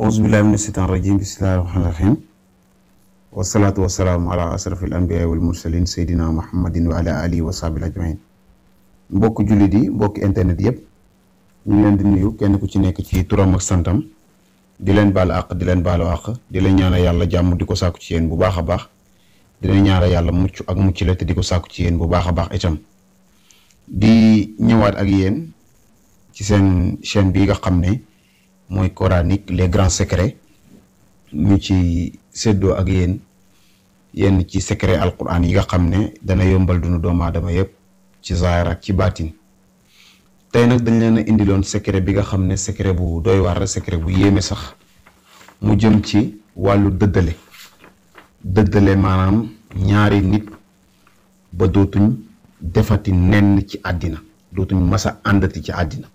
أعوذ بالله من الشيطان الرجيم بسم الله الرحمن الرحيم والصلاة والسلام على أشرف الأنبياء والمرسلين سيدنا محمد وعلى آله وصحبه أجمعين بوك جوليدي بوك انترنت ييب ني لين دي نيو كين كو سي نيك سي تورام اك سانتام دي لين بال اق دي لين بال واخ دي لين نيانا يالا جام ديكو ساكو سي ين بو باخا باخ دي لين نيارا يالا موتشو اك موتشي لا تي ديكو ساكو سي ين بو باخا باخ ايتام دي نيوات اك يين سي سين شين بيغا خامني mooy coranique les grands secrets ñu ci seddoo ak yéen yenn ci secret alquran yi nga xam ne dana yombal dunu doomu aadama yëpp ci zaahir ak ci baatin tey nag dañ leen a indiloon secret bi nga xam ne secret bu doy war la secret bu yéeme sax mu jëm ci wàllu dëddale dëddale maanaam ñaari nit ba dootuñ defati nenn ci àddina dootuñ masa àndati ci àddina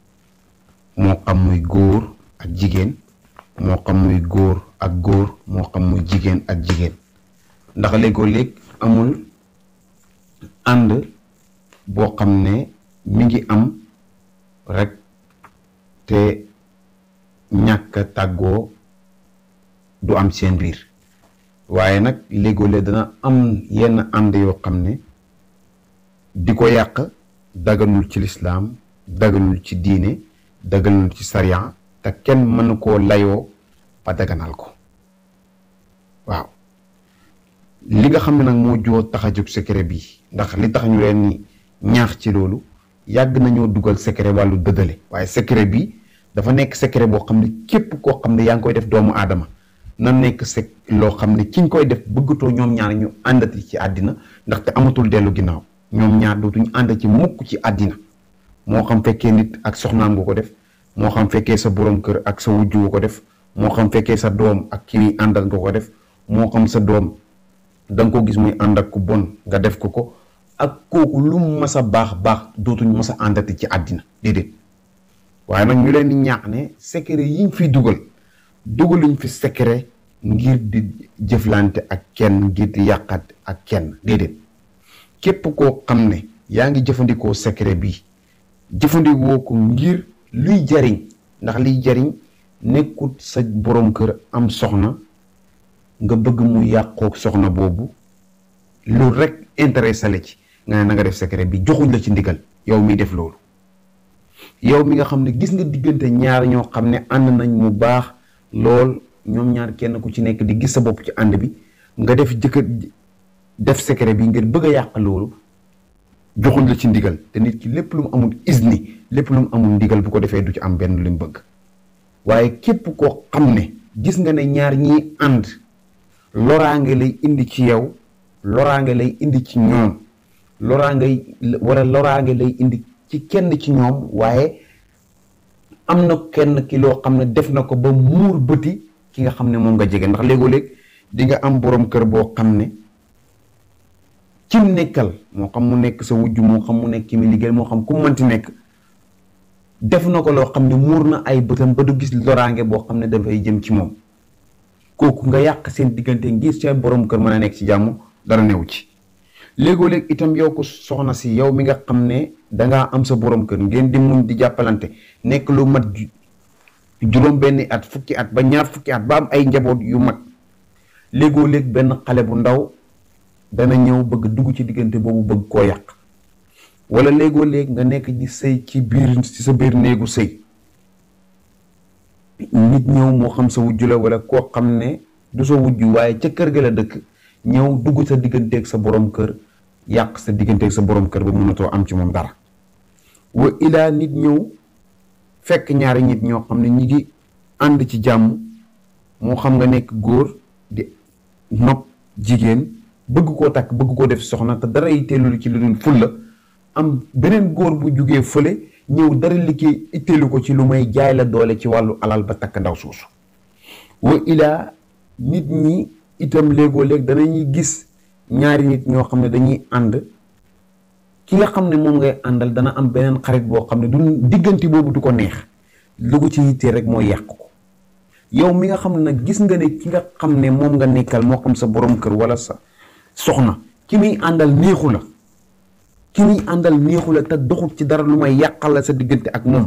moo xam muy góor ak jigéen moo xam muy góor ak góor moo xam muy jigéen ak jigéen ndax léegoo-léeg amul ànd boo xam ne mu ngi am rekk te ñàkk tàggoo du am seen biir waaye nag léegoo-léeg dana am yenn ànd yoo xam ne di ko yàq daganul ci lislaam daganul ci diine daganul ci sariya te kenn mën mënu koo layoo ba daganal ko waaw li nga xam ne nag moo joo tax a jóg secret bii ndax li tax ñu leen ni ñaax ci loolu yàgg nañoo dugal secret wàllu dëddale waaye secret bi dafa nekk secret boo xam ne képp koo xam ne yaa ngi koy def doomu aadama na nekk sec loo xam ne ki nga koy def bëggatoo ñoom ñaar ñu àndati ci àddina ndaxte amatul dellu ginnaaw ñoom ñaar dootuñu ànd ci mukk ci àddina moo xam fekkee nit ak soxnaam nga ko def moo xam fekkee sa borom kër ak sa wujju ko def moo xam fekkee sa doom ak ki muy àndal nga ko def moo xam sa doom danga ko gis muy ànd ak ku bon nga def ko ko ak kooku lu mu a baax baax dootuñ mas a àndati ci àddina déedéet waaye nag ñu leen di ñaax ne secret yi ñu fiy dugal dugaluñ fi secret ngir di jëflante ak kenn ngir di yàqat ak kenn déedéet képp koo xam ne yaa ngi jëfandikoo secret bii jëfandikoo ko ngir luy jariñ ndax liy jariñ nekkut sa boroom kër am soxna nga bëgg mu yàqook soxna boobu lu rek intéressé ci nga ne na nga def secret bi joxuñ la ci ndigal yow mi def loolu yow mi nga xam ne gis nga diggante ñaar ñoo xam ne ànd nañ mu baax lool ñoom ñaar kenn ku ci nekk di gis sa bopp ci ànd bi nga def jëkkër def secret bi ngir bëgg a yàq loolu joxuñ la ci ndigal te nit ki lépp lu mu amul isni lepp lu amul ndigal bu ko defé du ci am benn lu mu bëgg waaye képp ko xamné gis nga né ñaar ñi and loraange lay indi ci yow loraange lay indi ci ñoom loraange wala loraange lay indi ci kenn ci ñoom waye amna na kenn ki lo xamné def na ko ba mur beuti ki nga xamné mom nga jégué ndax légo lég di nga am borom kër bo xamné ci nekkal mo xam mu nekk sa wujju mo xam mu nekk mi liggéey mo xam ku mënti nekk def na ko loo xam ne muur na ay bëtam ba du gis loraange boo xam ne dafay jëm ci moom kooku nga yàq seen diggante ngir seen borom kër mën a nekk ci jàmm dara new ci léegoo léeg itam yow ko soxna si yow mi nga xam ne dangaa am sa boroom kër ngeen di mun di jàppalante nekk lu mat juróom benn at fukki at ba ñaar fukki at ba am ay njaboot yu mag léegoo léeg benn xale bu ndaw dana ñëw bëgg dugg ci diggante boobu bëgg koo yàq wala léegoo léegi nga nekk ci sëy ci biir ci sa biir néegu sëy nit ñëw moo xam sa wujju la wala koo xam ne du sa wujju waaye ca kër ga la dëkk ñëw dugg sa digganteeg sa boroom kër yàq sa digganteeg sa boroom kër ba mënatoo am ci moom dara wa ilaa nit ñëw fekk ñaari nit ñoo xam ne ñi ngi ànd ci jàmm moo xam nga nekk góor di nopp jigéen bëgg koo takk bëgg koo def soxna te dara yitteelu ci lu dul fulla am beneen góor bu jugee fële ñëw dara liggéey itteelu ko ci lu may jaay la doole ci wàllu alal ba takk ndaw soosu wa ilaa nit ñi itam léegoo léeg danañuy gis ñaari nit ñoo xam ne dañuy ànd ki nga xam ne moom ngay àndal dana am beneen xarit boo xam ne du diggante boobu du ko neex lu ci yittee rek mooy yàq yow mi nga xam nag gis nga ne ki ne moom nga nekkal moo xam sa boroom kër wala sa soxna ki muy àndal neexu la ki muy àndal neexu la te doxul ci dara lu may yàqal la sa diggante ak moom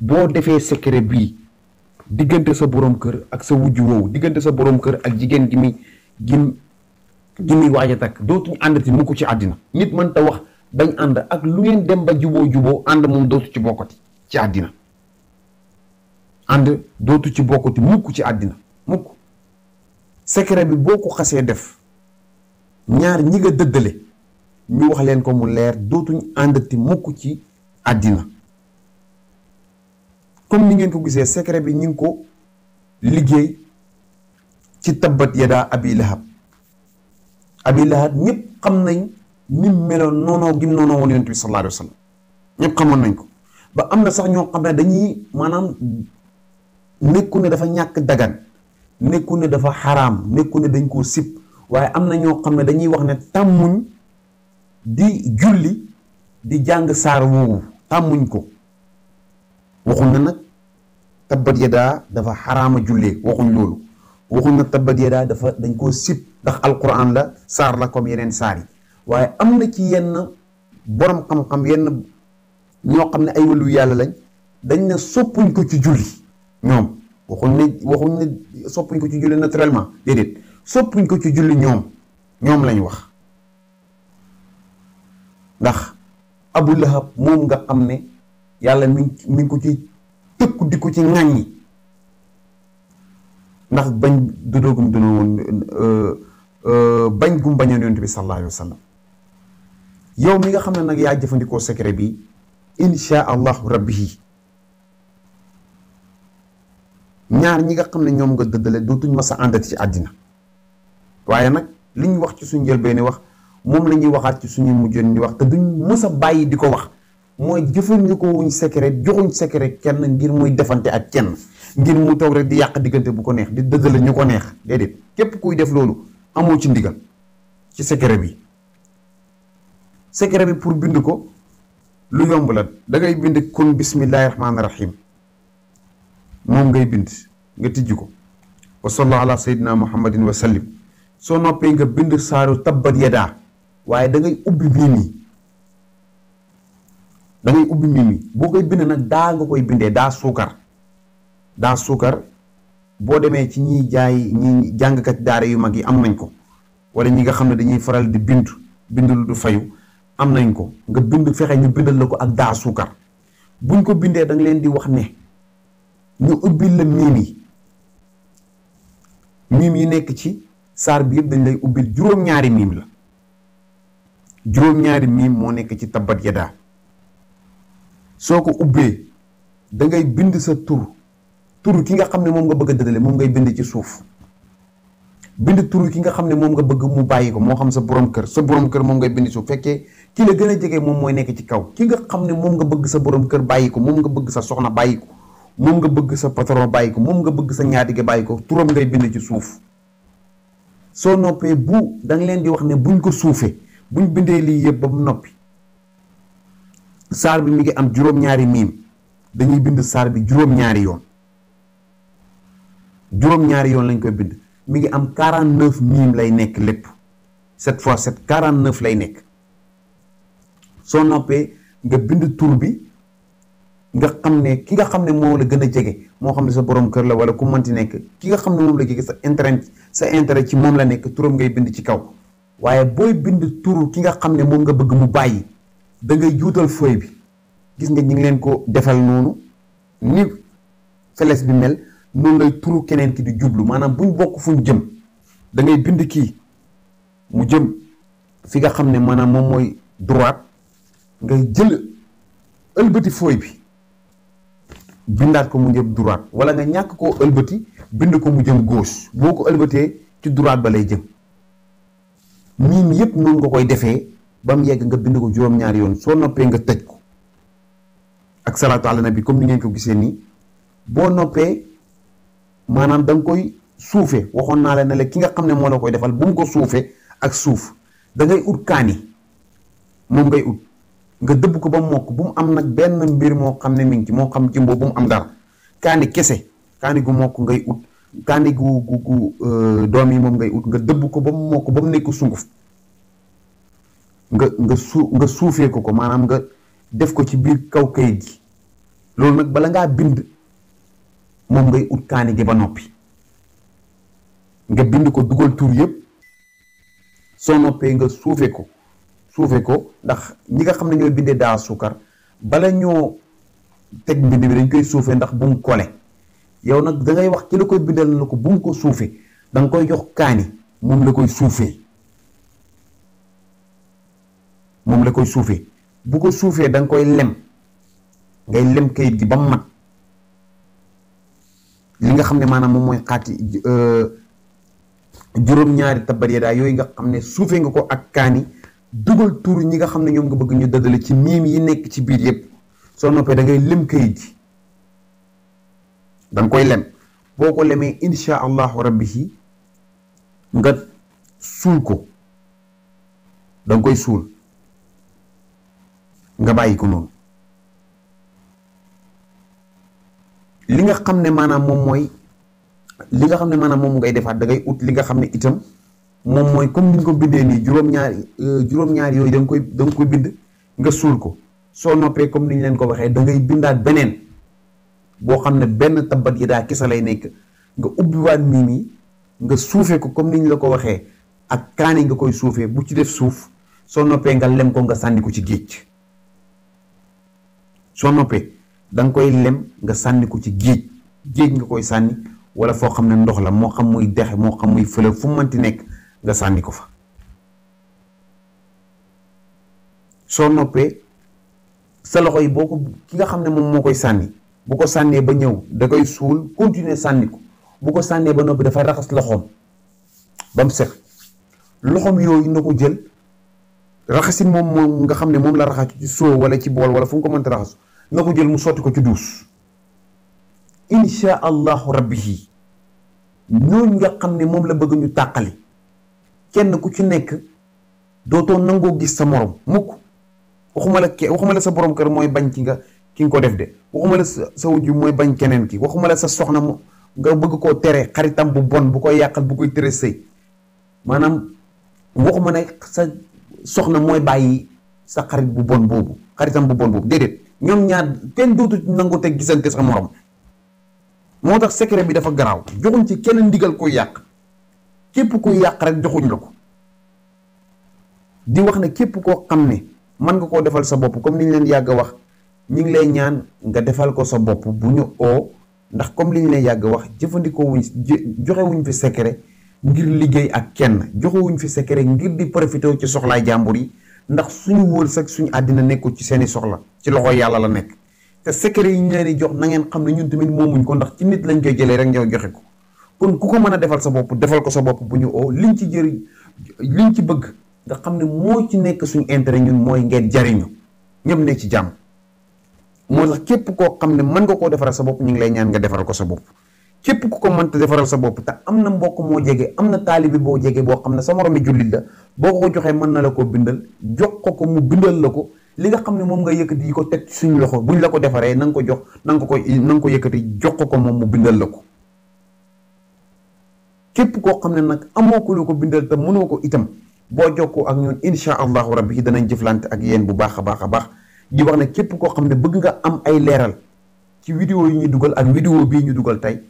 boo defee secret bii diggante sa boroom kër ak sa wujju woowu diggante sa boroom kër ak jigéen gi muy gim gi muy waaj a takk dootuñu àndati mu ko ci àddina nit mën ta wax bañ ànd ak lu ngeen dem ba juboo juboo ànd moom dootu ci bokkati ci àddina ànd dootu ci bokkati mukk ci àddina mukk secret bi boo ko xasee def ñaar ñi nga dëddale ñu wax leen ko mu leer dootuñu àndati mukk ci àddina comme ni ngeen ko gisee secret bi ñu ngi ko liggéey ci tabbat yadaa abi lahab abi lahab ñëpp xam nañ ni meloon noonoo gi noonoo woon yonent bi sallallahu alayhi wa xamoon nañ ko ba am na sax ñoo xam ne dañuy maanaam nekku ne dafa ñàkk dagan nekku ne dafa xaraam nekku ne dañ koo sib waaye am na ñoo xam ne dañuy wax ne tàmmuñ di julli di jàng saar woowu tàmmuñ ko waxuñ na nag tabbat yadaa dafa xaraama jullee waxuñ loolu waxuñ na tabbat yadaa dafa dañ koo sib ndax alquran la saar la comme yeneen saar yi waaye am na ci yenn boroom xam-xam yenn ñoo xam ne ay wàllu yàlla lañ dañ ne soppuñ ko ci julli ñoom waxuñ ne ne soppuñ ko ci julli naturellement déedéet soppuñ ko ci julli ñoom ñoom lañ wax ndax abu lahab moom nga am ne yàlla mi mi ngi ko ci tëkku di ko ci ŋàññi ndax bañ du doogum duna woon euh, euh, bañ gum bañoon yonent bi sallallahu alayhi wa yow mi nga xam ne nag yaa jëfandikoo secret bi insha allahu rabbihi ñaar ñi nga xam ne ñoom nga dëddale dootuñ mas a àndati ci àddina waaye nag li wax ci suñ njëlbéen ni wax moom la ñuy waxaat ci suñu mujjoon ñu wax te duñ mës a bàyyi di ko wax mooy jëfandikoo wuñ secret joxuñ secret kenn ngir muy defante ak kenn ngir mu toog rek di yàq diggante bu ko neex di dëggal ñu ko neex déedéet képp kuy def loolu amoo ci ndigal ci secret bi secret bi pour bind ko lu yomb la da ngay bind kun bismillahi rahmaani rahim moom ngay bind nga tijji ko wa sallallahu ala sayyidina muhammadin wa sallim soo noppee nga bind saaru tabbat yadaa waaye da ngay ubbi mii mi da ubbi mii mi boo koy bind nag daa nga koy bindee daa suukar daa suukar boo demee ci ñiy jaay ñi jàngkat daara yu mag yi am nañ ko walla ñi nga xam ne dañuy faral di bind bind du fayu am nañ ko nga bind fexe ñu bindal la ko ak daa suukar buñ ko bindee da leen di wax ne ñu ubbil la miim yi miim yi nekk ci saar bi yëpp dañ lay ubbil juróom-ñaari miim la juroom ñaari mi moo nekk ci tabbat yada soo ko ubbee da ngay bind sa tur tur ki nga xam ne moom nga bëgg a dëdale moom ngay bind ci suuf bind tur ki nga xam ne moom nga bëgg mu bàyyi ko moo xam sa borom kër sa borom kër moom ngay bind suuf fekkee ki la gën a jege moom mooy nekk ci kaw ki nga xam ne moom nga bëgg sa borom kër bàyyi ko moom nga bëgg sa soxna bàyyi ko moom nga bëgg sa patron bàyyi ko moom nga bëgg sa ga bàyyi ko turam ngay bind ci suuf soo noppee bu da nga leen di wax ne buñ ko suufee buñ bindee lii yëpp ba mu noppi saar bi mi ngi am juróom-ñaari miim dañuy bind saar bi juróom-ñaari yoon juróom-ñaari yoon lañ koy bind mi ngi am quarante neuf miim lay nekk lépp sept fois sept quarante neuf lay nekk soo noppee nga bind tur bi nga xam ne ki nga xam ne moom la gën a jege moo xam ne sa borom kër la wala ku mënti nekk ki nga xam ne moom la jege sa intérêt sa intérêt ci moom la nekk turam ngay bind ci kaw waaye booy bind turu ki nga xam ne moom nga bëgg mu bàyyi da ngay juutal fooy bi gis nga ñi ngi leen ko defal noonu ni feles bi mel noonu lay turu keneen ki di jublu maanaam buñ bokk fuñ jëm dangay ngay bind kii mu jëm fi nga xam ne maanaam moom mooy droite ngay jël ëlbëti fooy bi bindaat ko mu jëm droite wala nga ñàkk koo ëlbëti bind ko mu jëm gauche boo ko ëlbatee ci droite ba lay jëm miim yëpp noonu nga koy defee ba mu yegg nga bind ko juróom-ñaari yoon soo noppee nga tëj ko ak salaatu na bi comme ni ngeen ko gisee nii boo noppee maanaam da koy suufe waxoon naa la ne la ki nga xam ne moo la koy defal bu mu ko suufee ak suuf da ngay ut kaani moom ngay ut nga dëbb ko ba mokk bu mu am nag benn mbir moo xam ne mi ngi ci moo xam jimbo bu mu am dara kaani kese kaani gu mokk ngay ut. kaani gu gu gu euh, doom yi moom ngay ut nga dëbb ko ba mu mokk ba mu nekk sunguf nga nga su nga suufee ko ko maanaam nga def ko ci biir kaw kayit gi loolu nag bala ngaa bind moom ngay ut kaani gi ba noppi nga bind ko dugal tur yëpp soo noppee nga suufee ko suufee ko ndax ñi nga xam ne ñooy bindee daa suukar bala ñoo teg mbind bi dañ koy suufee ndax bu mu kole yow nag dangay wax ci la koy bindal na ko bu mu ko suufee da nga koy jox kaani moom la koy suufee moom la koy suufee bu ko suufee da nga koy lem ngay lem kayit gi ba mu mat li nga xam ne maanaam moom mooy xaati euh, juróom-ñaari tabbat yooyu nga xam ne suufee nga ko ak kaani dugal tuur ñi nga xam ne ñoom nga bëgg ñu dëddale ci miim yi nekk ci biir yëpp soo noppee da ngay lem kayit gi da koy lem boo ko lemee insha allahu rabbi si nga suul ko da koy suul nga bàyyi ko noonu li nga xam ne maanaam moom mooy li nga xam ne maanaam moom ngay defaat dangay ut li nga xam ne itam moom mooy comme ni nga ko bindee nii juróom-ñaari euh, juróom-ñaari yooyu da nga koy da koy bind nga suul ko soo noppee comme ni ñu leen ko waxee da ngay bindaat beneen. boo xam ne benn tabbat yi daa kisa lay nekk nga ubbiwaat miim yi nga suufee ko comme ni ñu la ko waxee ak kaani nga koy suufee bu ci def suuf soo noppee nga lem ko nga sànni ko ci géej soo noppee da koy lem nga sànni ko ci géej géej nga koy sànni wala foo xam ne ndox la moo xam muy dexe moo xam muy fële fu manti nekk nga sànni ko fa soo noppee sa loxo yi boo ko ki nga xam ne moom moo koy sànni bu ko sànnee ba ñëw da koy suul continuer sànni ko bu ko sànnee ba noppi dafay raxas loxoom ba mu set loxoom yooyu na ko jël raxasin moom moom nga xam ne moom la raxas ci soo wala ci bool wala fu mu ko mënta raxas na ko jël mu sotti ko ci duus insha allahu rabbihi ñooñ nga xam ne moom la bëgg ñu tàqali kenn ku ci nekk dootoo nangoo gis sa morom mukk waxuma la ke waxuma la sa borom kër mooy bañ ci nga ki nga ko def de waxuma la sa sa wujj mooy bañ keneen ki waxuma la sa soxna mu nga bëgg koo tere xaritam bu bon bu koy yàqal bu koy tere sëy maanaam waxuma ne sa soxna mooy bàyyi sa xarit bu bon boobu xaritam bu bon boobu déedéet ñoom ñaar kenn dootu nangu te gisante sa morom moo tax secret bi dafa garaaw joxuñ ci kenn ndigal koy yàq képp kuy yàq rek joxuñ la ko di wax ne képp koo xam ne mën nga koo defal sa bopp comme ni leen yàgg wax ñi ngi lay ñaan nga defal ko sa bopp bu ñu oo ndax comme li ñu lay yàgg wax jëfandikoo wuñ joxe wuñ fi secret ngir liggéey ak kenn joxe wuñ fi secret ngir di profité ci soxlaay jàmbur yi ndax suñu wërsëg suñu àddina nekkul ci seeni soxla ci loxo yàlla la nekk te secret yi ñu leen di jox na ngeen xam ne ñun tamit moomuñ ko ndax ci nit lañ koy jëlee rek joxe ko kon ku ko mën a defal sa bopp defal ko sa bopp bu ñu oo liñ ci jëri liñ ci bëgg nga xam ne moo ci nekk suñu intérêt ñun mooy ngeen jariñu ñëpp ne ci jàmm moo tax képp koo xam ne mën nga koo defaral sa bopp ñu ngi lay ñaan nga defaral ko sa bopp képp ku ko mënta defaral sa bopp te am na mbokk moo jege am na taalibi boo jege boo xam ne sa moromi jullit la boo ko joxee mën na la ko bindal jox ko ko mu bindal la ko li nga xam ne moom nga yëkkati yi ko teg suñu loxo buñ la ko defaree na nga ko jox na nga ko koy na ko yëkkati jox ko ko moom mu bindal la ko képp koo xam ne nag amoo ko bindal te mënoo ko itam boo jokkoo ak ñun incha allahu rabbi danañ jëflante ak yéen bu baax a baax a baax di wax na képp koo xam ne bëgg nga am ay leeral ci vidéo yi ñu dugal ak vidéo bii ñu dugal tey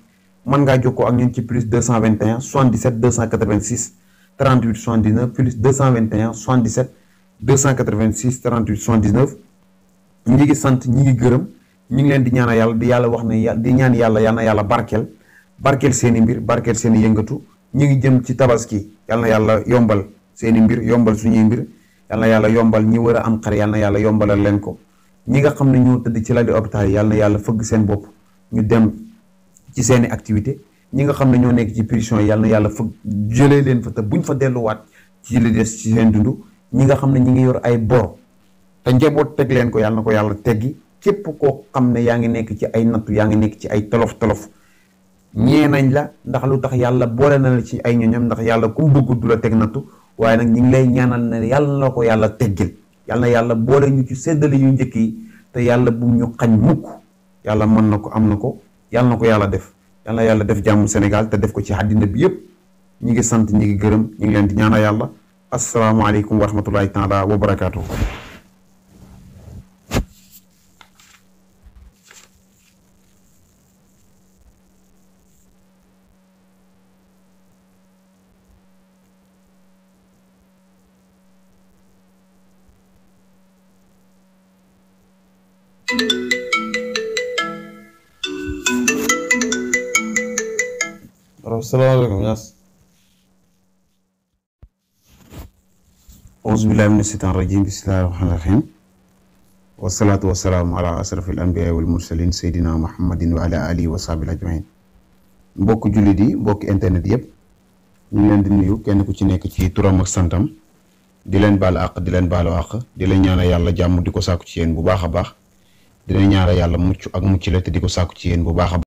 mën ngaa jokkoo ak ñun ci plus 221 77 286 38 79 plus 221 77 286 38 79 ñi ngi sant ñi ngi gërëm ñi ngi leen di ñaan yàlla di yàlla wax ne di ñaan yàlla yal yàlla barkeel barkeel seeni mbir barkeel seeni yëngatu ñi ngi jëm ci tabaski yal yàlla yombal seeni mbir yombal suñuy mbir yal na yàlla yombal ñi war a am xar na yàlla yombalal leen ko ñi nga xam ne ñoo tëdd ci lali hôpital yi yal na yàlla fëgg seen bopp ñu dem ci seeni activité ñi nga xam ne ñoo nekk ci prison yi yàlla fëgg jëlee leen fa buñ fa delluwaat li des ci seen dund ñi nga xam ne ñi ngi yor ay bor te njaboot teg leen ko yàlla na ko yàlla teggi cépp ko xam ne yaa ngi nekk ci ay nattu yaa ngi nekk ci ay tolof tolof ñee nañ la ndax lu tax yàlla boole na la ci ay ñoñam ndax yàlla kum mu du la teg nattu waaye nag ñu ngi lay ñaanal ne yàlla na ko yàlla teggil yàlla na yàlla boole ñu ci séddale yu njëkk yi te yàlla bu ñu xañ mukk yàlla mën na ko am na ko yàlla na ko yàlla def yàlla yàlla def jàmm Sénégal te def ko ci àddina bi yëpp ñu ngi sant ñi ngi gërëm ñu ngi leen di ñaanal yàlla asalaamaaleykum wa rahmatullahi taala wa barakaatu. السلام عليكم ياس أعوذ بالله من الشيطان الرجيم بسم الله الرحمن الرحيم والصلاة والسلام على أشرف الأنبياء والمرسلين سيدنا محمد وعلى آله وصحبه أجمعين mbokk jullit yi mbokk internet yëpp ñu ngi leen di nuyu kenn ku ci nekk ci turam ak santam di leen baal àq di leen baalu àq di leen ñaanal yàlla jàmm di ko sàkku ci yéen bu baax a baax di leen ñaanal yàlla mucc ak mucc la te di ko sàkku ci yéen bu baax a baax